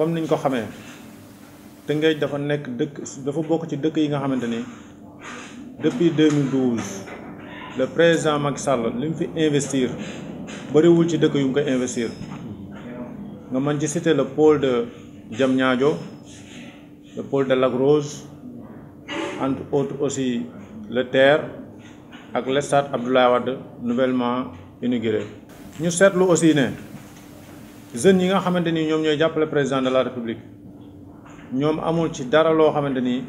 comme ni ñu ko xamee Tëngéej dafa nekk dëkk dafa bokk ci dëkk yi nga xamante ni depuis 2012 le président mag Sall li mu fi investir bëriwul ci dëkk yu mu ko investir nga man ci citer le pôle de Diamniadio le pôle de Lac Rose entre autres aussi le TER ak le stade Abdoulaye Wade nouvellement inauguré ñu seetlu aussi ne jeunes yi nga xamante ni ñoom ñooy jàppale président de la république ñoom amul ci dara loo xamante ni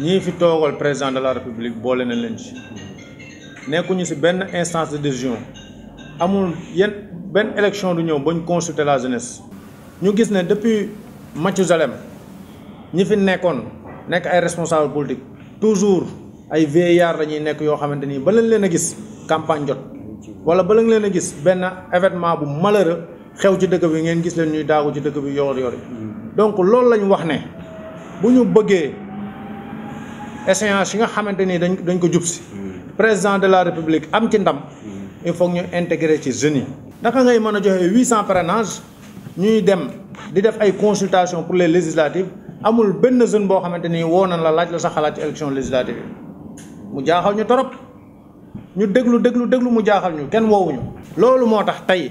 ñii fi toogal président de la république boole na leen ci ñu ci benn instance de décision amul yenn benn élection du ñëw bañ consulter la jeunesse. ñu gis ne depuis Mathusalem ñi fi nekkoon nekk ay responsable politique toujours ay vieillards la ñuy nekk yoo xamante ni ba lañ leen a gis campagne jot wala ba lañ leen a gis benn événement bu malheureux. xew ci dëkk bi ngeen gis leen ñuy daagu ci dëkk bi yor yori donc loolu lañu wax ne bu ñu bëggee échéance yi nga xamante ni dañ dañ ko jub si président de la république am ci ndam il faut ñu intégrer ci jeunes yi naka ngay mën a joxe huit cent parrainage ñuy dem di def ay consultation pour les législatives amul benn jeune boo xamante ni woo nañ la laaj la sa xalaat ci élection législative yi mu jaaxal ñu torop ñu déglu déglu déglu mu jaaxal ñu kenn woowuñu loolu moo tax tey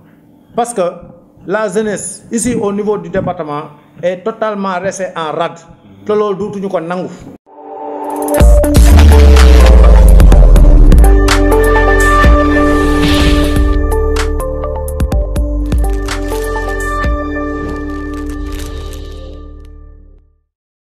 Parce que la jeunesse, ici au niveau du département, est totalement restée en rade. Tout le monde